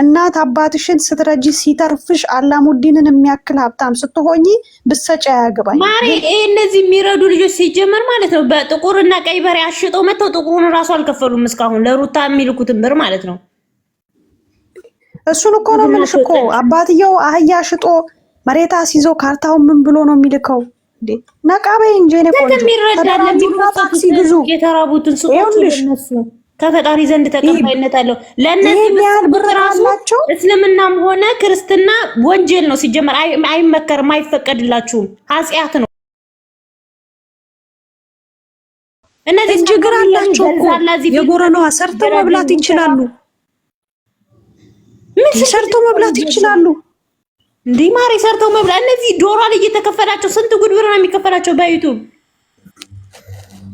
እናት አባትሽን ስትረጂ ሲተርፍሽ አላሙዲንን የሚያክል ሀብታም ስትሆኝ ብሰጫ ያገባኝ ማሪ። ይሄ እነዚህ የሚረዱ ልጆች ሲጀመር ማለት ነው በጥቁርና ቀይ በሬ አሽጠው መጥተው ጥቁሩን እራሱ አልከፈሉም እስካሁን ለሩታ የሚልኩትን ብር ማለት ነው። እሱን እኮ ነው የምልሽ እኮ አባትየው አህያ ሽጦ መሬት አስይዞ ካርታውን ምን ብሎ ነው የሚልከው? ነቃ በይ እንጂ የተራቡትን ስጦች እነሱ ከፈጣሪ ዘንድ ተቀባይነት አለው። ለእነዚህ ያህል ብር አላቸው። እስልምናም ሆነ ክርስትና ወንጀል ነው ሲጀመር፣ አይመከርም፣ አይፈቀድላችሁም፣ ኃጢአት ነው። እነዚህ ችግር አላቸው እኮ የጎረነዋ ሰርተው መብላት ይችላሉ። ምን ሰርተው መብላት ይችላሉ? እንዲህ ማሪ ሰርተው መብላት እነዚህ ዶላር እየተከፈላቸው ስንት ጉድብር ነው የሚከፈላቸው በዩቱብ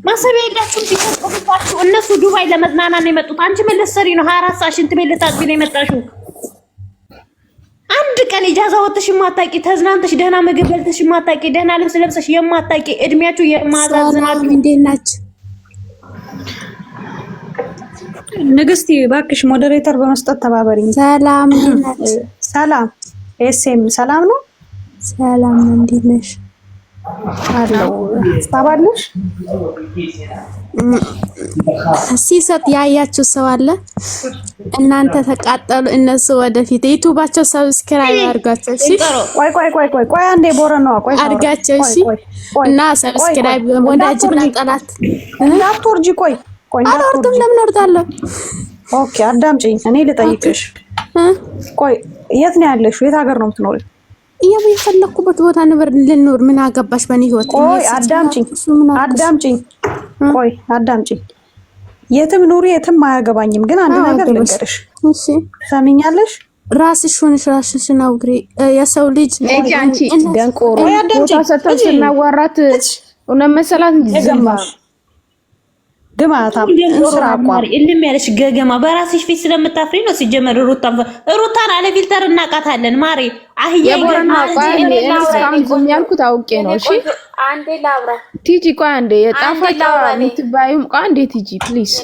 ማሰቢያ የላችሁም። ሲቆጥሩባችሁ እነሱ ዱባይ ለመዝናናት ነው የመጡት። አንቺ ምን ልትሰሪ ነው? ሀያ አራት ሰዓት ሽንት ቤት ልታጥቢ ነው የመጣሽው። አንድ ቀን ኢጃዛ ወጥተሽ የማታውቂ ተዝናንተሽ፣ ደህና ምግብ በልተሽ የማታውቂ ደህና ልብስ ለብሰሽ የማታውቂ እድሜያችሁ የማዛዝናችሁ እንዴት ናችሁ? ንግስቲ እባክሽ ሞዴሬተር በመስጠት ተባበሪኝ። ሰላም ሰላም፣ ኤስኤም ሰላም ነው። ሰላም እንዴት ነሽ? አለው ሲሰጥ ያያችሁ ሰው አለ። እናንተ ተቃጠሉ፣ እነሱ ወደፊት ዩቲዩባቸው ሰብስክራይብ አድርጓቸው። እሺ፣ ቆይ ቆይ ቆይ ቆይ ቆይ አንዴ ቆይ አድርጋቸው። እሺ፣ እና ሰብስክራይብ ወዳጅ ጠላት እንዳትወርጂ። ቆይ ቆይ አላወርድም። ለምን ወርዳለሁ? ኦኬ፣ አዳምጪኝ። እኔ ልጠይቅሽ። ቆይ የት ነው ያለሽው? የት ሀገር ነው የምትኖሪው? ያው የፈለኩበት ቦታ ነበር ልኖር። ምን አገባሽ በኔ ህይወት? ቆይ አዳምጪኝ፣ አዳምጪኝ፣ ቆይ አዳምጪኝ። የትም ኑሪ የትም አያገባኝም። ግን አንድ ነገር ልንገርሽ፣ እሺ? ሰሚኛለሽ? ራስሽ ሆነሽ ራስሽን አውግሪ። የሰው ልጅ ደንቆሮ ቦታ ሰጥተን ስናዋራት እውነት መሰላት ጊዜ ግማታ እልም ያለሽ ገገማ በራስሽ ፊት ስለምታፍሪ ነው። ሲጀመር ሩታ ሩታን አለ ፊልተር እናቃታለን። ማሬ አህያ ያልኩት አውቄ ነው። እሺ አንዴ ላብራ ቲጂ፣ ቆይ አንዴ የጣፋጫ የምትባዩም ቆይ አንዴ ቲጂ ፕሊዝ።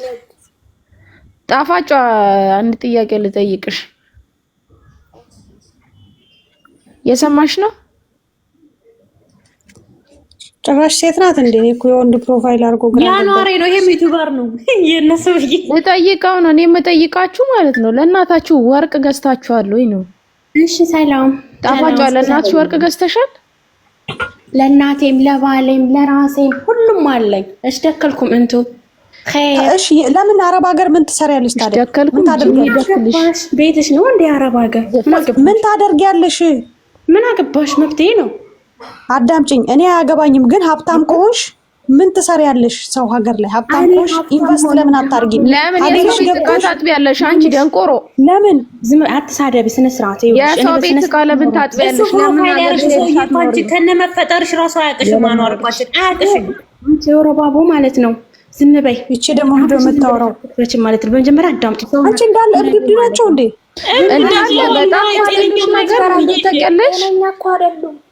ጣፋጫ አንድ ጥያቄ ልጠይቅሽ፣ የሰማሽ ነው ጭራሽ ሴት ናት እንዴ? እኮ የወንድ ፕሮፋይል አድርጎ ግራ ያኗሬ ነው። ይሄም ዩቲዩበር ነው የነሱ ብዬ ልጠይቀው ነው። እኔ የምጠይቃችሁ ማለት ነው ለእናታችሁ ወርቅ ገዝታችኋል ወይ ነው? እሺ ሰላም ጣፋጫ፣ ለእናትሽ ወርቅ ገዝተሻል? ለእናቴም፣ ለባሌም፣ ለራሴም ሁሉም አለኝ። ደከልኩም እንቱ እሺ። ለምን አረብ ሀገር ምን ትሰሪያለሽ ታዲያ? ምን ታደርጊያለሽ? ቤትሽ ነው እንዴ? አረብ ሀገር ምን ታደርጊያለሽ? ምን አገባሽ? መብቴ ነው አዳምጭኝ፣ እኔ አያገባኝም። ግን ሀብታም ከሆንሽ ምን ትሰሪያለሽ? ሰው ሀገር ላይ ሀብታም ከሆንሽ ኢንቨስት ለምን አታርጊ? ለምን የሰው ቤት ዕቃ ታጥቢያለሽ? አንቺ ደንቆሮ ለምን ዝም አትሳደቢ፣ ስነ ስርዓት። የሰው ቤት ዕቃ ለምን ታጥቢያለሽ? ለምን ሀገርሽ አንቺ ከነመፈጠርሽ ራሱ አያውቅሽም፣ አኗርባችን አያውቅሽም። አንቺ የወረባቦ ማለት ነው። ዝም በይ። ይቺ ደግሞ ምንድን ነው የምታወራው? ማለት ነው። በመጀመሪያ አዳምጪ። አንቺ እንዳለ እብድ ናቸው እንዴ? እንዳለ በጣም ነገር ተቀለሽ እኮ አይደሉም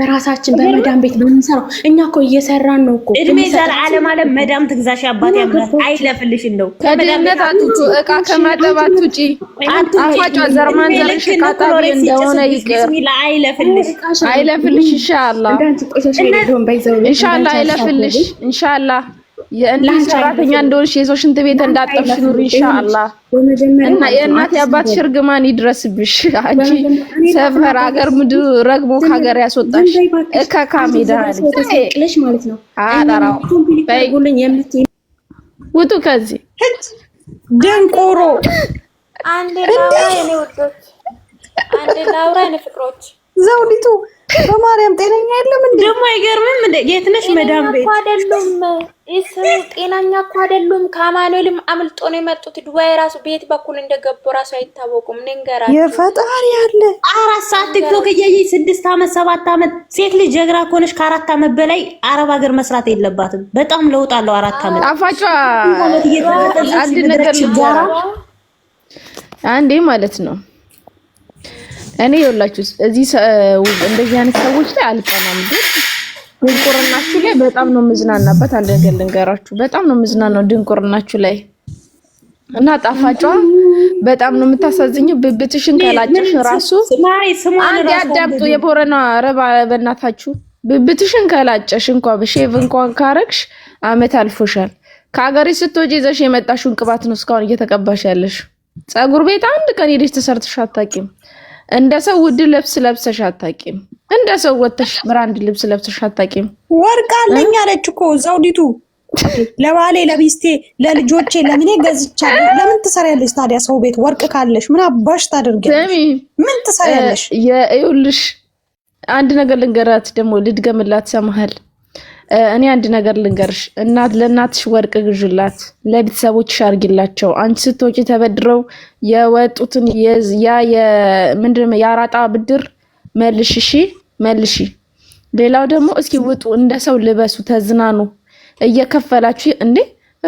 በራሳችን በመዳም ቤት ነው የምንሰራው። እኛ እኮ እየሰራን ነው እኮ እድሜ ዘር አለም መዳም ትግዛሽ አባት ያምራት አይለፍልሽ። እንደው ከድህነት አትውጡ፣ እቃ ከማጠብ አትውጪ፣ አትፋጫ ዘር ማንዘርሽ ቃጣቢ እንደሆነ ይቅር አይለፍልሽ፣ አይለፍልሽ። ኢንሻአላ ኢንሻአላ አይለፍልሽ ኢንሻአላ የእናት ሰራተኛ እንደሆንሽ የሰው ሽንት ቤት እንዳጠብሽ ኑሪ ኢንሻአላህ። እና የእናት የአባትሽ ሽርግማን ይድረስብሽ። አንቺ ሰፈር ሀገር ምድር ረግሞ ከሀገር ያስወጣሽ እከካ ሜዳ ማለት ነው። አዳራው ውጡ ከዚህ ደንቆሮ አንዴ ላውራ የኔ ውዶች፣ አንዴ ላውራ የኔ ፍቅሮች ዘውዲቱ በማርያም ጤነኛ የለም እንዴ? ደግሞ አይገርምም እንዴ? የት ነሽ መዳም ቤት አይደሉም። እሱ ጤናኛ እኮ አይደሉም። ከአማኑኤልም አምልጦ ነው የመጡት። ዱባይ ራሱ ቤት በኩል እንደገቡ ራሱ አይታወቁም። ንንገራ የፈጣሪ ያለ አራት ሰዓት ቲክቶክ እያየ ስድስት አመት ሰባት አመት ሴት ልጅ ጀግራ ከሆነች ከአራት አመት በላይ አረብ ሀገር መስራት የለባትም። በጣም ለውጥ አለው። አራት አመት አፋጫ አንድ ነገር አንዴ ማለት ነው እኔ የወላችሁ እዚህ እንደዚህ አይነት ሰዎች ላይ አልቀናም፣ ግን ድንቁርናችሁ ላይ በጣም ነው የምዝናናበት። አንድ ነገር ልንገራችሁ፣ በጣም ነው የምዝናናው ድንቁርናችሁ ላይ እና ጣፋጫ በጣም ነው የምታሳዝኘው። ብብትሽን ከላጨሽ ራሱ አንድ ያዳምጡ የቦረና ረባ በእናታችሁ ብብትሽን ከላጨሽ እንኳ ብሼቭ እንኳን ካረግሽ አመት አልፎሻል። ከሀገሬ ስትወጪ ይዘሽ የመጣሽውን ቅባት ነው እስካሁን እየተቀባሽ ያለሽ። ፀጉር ቤት አንድ ቀን ሄደሽ ተሰርተሽ አታውቂም። እንደ ሰው ውድ ልብስ ለብሰሽ አታቂም። እንደ ሰው ወተሽ ብራንድ ልብስ ለብሰሽ አታቂም። ወርቅ አለኝ አለች እኮ ዘውዲቱ። ለባሌ ለሚስቴ፣ ለልጆቼ፣ ለምኔ ገዝቻለሁ። ለምን ትሰሪያለሽ ታዲያ ሰው ቤት ወርቅ ካለሽ? ምን አባሽ ታደርጊያለሽ? ምን ትሰሪያለሽ? ይኸውልሽ አንድ ነገር ልንገራት ደግሞ ልድገምላት፣ ሰማሃል እኔ አንድ ነገር ልንገርሽ፣ እናት ለእናትሽ ወርቅ ግዥላት፣ ለቤተሰቦችሽ አርጊላቸው። አንቺ ስትወጪ ተበድረው የወጡትን ያ ምንድን የአራጣ ብድር መልሽ፣ እሺ መልሺ። ሌላው ደግሞ እስኪ ውጡ፣ እንደ ሰው ልበሱ፣ ተዝናኑ። እየከፈላችሁ እንዴ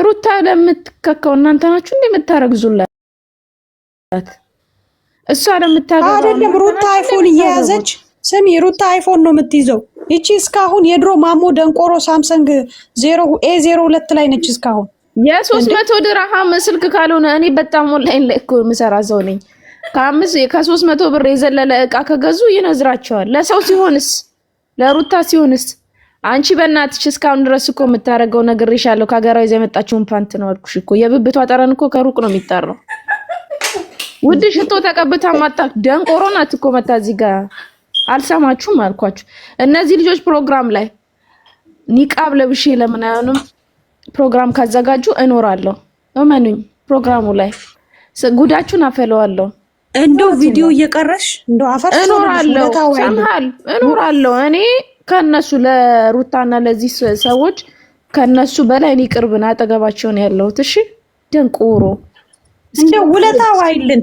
ሩታ ለምትከከው እናንተ ናችሁ እንዴ የምታረግዙላት? እሷ ለምታገባ አይደለም ሩታ አይፎን እየያዘች ስሚ፣ ሩታ አይፎን ነው የምትይዘው ይቺ እስካሁን የድሮ ማሞ ደንቆሮ ሳምሰንግ ኤ ዜሮ ሁለት ላይ ነች። እስካሁን የሶስት መቶ ድርሃም ስልክ ካልሆነ እኔ በጣም ኦንላይን ላይ እኮ የምሰራ ሰው ነኝ። ከሶስት መቶ ብር የዘለለ እቃ ከገዙ ይነዝራቸዋል። ለሰው ሲሆንስ ለሩታ ሲሆንስ አንቺ በእናትሽ እስካሁን ድረስ እኮ የምታደርገው ነግሬሻለሁ። ከሀገራዊ ዘ የመጣችውን ፓንት ነው አልኩሽ እኮ። የብብቷ ጠረን እኮ ከሩቅ ነው የሚጠራው። ውድ ሽቶ ተቀብታ ማጣ ደንቆሮ ናት እኮ መታ እዚህ ጋር አልሰማችሁም አልኳችሁ። እነዚህ ልጆች ፕሮግራም ላይ ኒቃብ ለብሼ ለምን አይሆንም? ፕሮግራም ካዘጋጁ እኖራለሁ። እመኑኝ፣ ፕሮግራሙ ላይ ጉዳችሁን አፈለዋለሁ። እንደው ቪዲዮ እየቀረሽ እንደው አፈር እኖራለሁ፣ ሰምሃል፣ እኖራለሁ። እኔ ከነሱ ለሩታና ለዚህ ሰዎች ከነሱ በላይ እኔ ቅርብን አጠገባቸውን ያለሁት። እሺ ደንቆሮ፣ እንደው ውለታ ዋይልን፣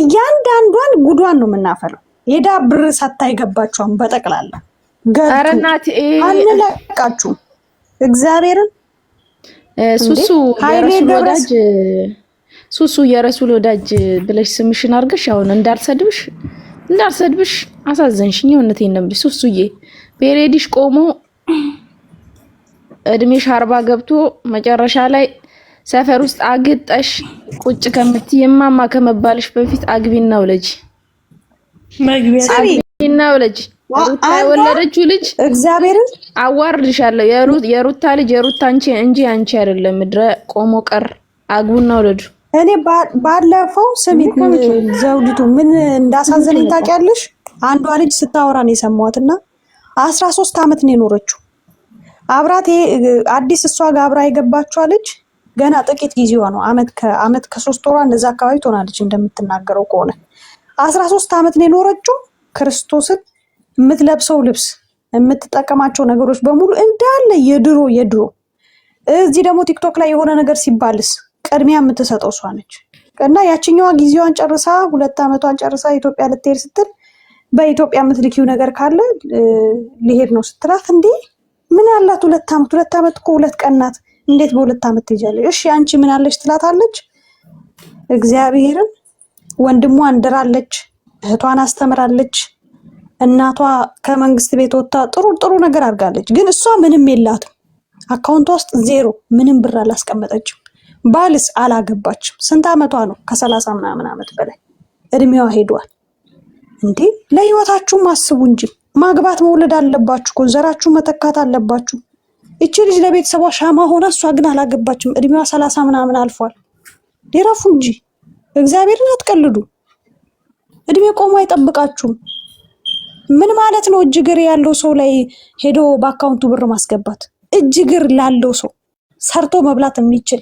እያንዳንዷን ጉዷን ነው የምናፈለው። ሄዳ ብር ሳታይ ገባችኋም። በጠቅላላ ገረናት አንለቃችሁ እግዚአብሔርን ሱሱ ሱሱ የረሱል ወዳጅ ብለሽ ስምሽን አድርገሽ አሁን እንዳልሰድብሽ እንዳልሰድብሽ አሳዘንሽኝ። እውነቴን ነው የምልሽ ሱሱዬ ቤሬዲሽ ቆሞ እድሜሽ አርባ ገብቶ መጨረሻ ላይ ሰፈር ውስጥ አግጠሽ ቁጭ ከምትይ እማማ ከመባልሽ በፊት አግቢና ልጅ መግቢያና ወለጅ ወለደችው ልጅ እግዚአብሔርን አዋርድሻለሁ። የሩታ ልጅ የሩታ አንቺ እንጂ አንቺ አይደለም። ምድረ ቆሞ ቀር አግቡና ወለዱ። እኔ ባለፈው ስሚት ዘውዲቱ ምን እንዳሳዘነኝ ታውቂያለሽ? አንዷ ልጅ ስታወራ ነው የሰማሁትና አስራ ሶስት አመት ነው የኖረችው አብራት አዲስ እሷ ጋር አብራ የገባችዋ ልጅ ገና ጥቂት ጊዜዋ ነው። አመት ከአመት ከሶስት ወሯ እንደዛ አካባቢ ትሆናለች እንደምትናገረው ከሆነ አስራ ሶስት ዓመት ነው የኖረችው። ክርስቶስን የምትለብሰው ልብስ፣ የምትጠቀማቸው ነገሮች በሙሉ እንዳለ የድሮ የድሮ። እዚህ ደግሞ ቲክቶክ ላይ የሆነ ነገር ሲባልስ ቅድሚያ የምትሰጠው እሷ ነች እና ያችኛዋ ጊዜዋን ጨርሳ ሁለት ዓመቷን ጨርሳ ኢትዮጵያ ልትሄድ ስትል በኢትዮጵያ የምትልኪው ነገር ካለ ሊሄድ ነው ስትላት፣ እንዴ ምን ያላት ሁለት ዓመት ሁለት ዓመት እኮ ሁለት ቀን ናት። እንዴት በሁለት ዓመት ትሄጃለች? እሺ አንቺ ምን አለች ትላታለች። እግዚአብሔርን ወንድሟ እንደራለች፣ እህቷን አስተምራለች፣ እናቷ ከመንግስት ቤት ወጥታ ጥሩ ጥሩ ነገር አድርጋለች። ግን እሷ ምንም የላትም፣ አካውንቷ ውስጥ ዜሮ፣ ምንም ብር አላስቀመጠችም። ባልስ አላገባችም። ስንት ዓመቷ ነው? ከሰላሳ ምናምን ዓመት በላይ እድሜዋ ሄዷል። እንዴ ለህይወታችሁም አስቡ እንጂ ማግባት መውለድ አለባችሁ እኮ ዘራችሁ መተካት አለባችሁ። እቺ ልጅ ለቤተሰቧ ሻማ ሆና እሷ ግን አላገባችም። እድሜዋ ሰላሳ ምናምን አልፏል። ይረፉ እንጂ እግዚአብሔርን አትቀልዱ። እድሜ ቆሞ አይጠብቃችሁም። ምን ማለት ነው? እጅግር ያለው ሰው ላይ ሄዶ በአካውንቱ ብር ማስገባት እጅግር ላለው ሰው ሰርቶ መብላት የሚችል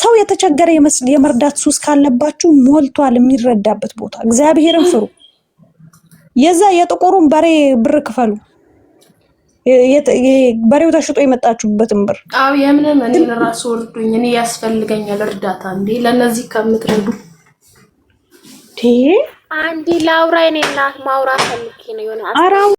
ሰው የተቸገረ የመርዳት ሱስ ካለባችሁ ሞልቷል የሚረዳበት ቦታ። እግዚአብሔርን ፍሩ። የዛ የጥቁሩን በሬ ብር ክፈሉ። በሬው ተሽጦ የመጣችሁበትን ብር አዎ፣ የምንም እኔን ራሱ ወርዱኝ፣ እኔ ያስፈልገኛል እርዳታ። እንዴ ለእነዚህ ከምትረዱ አንዲ ላውራ። እኔና ማውራት ፈልጌ ነው የሆነ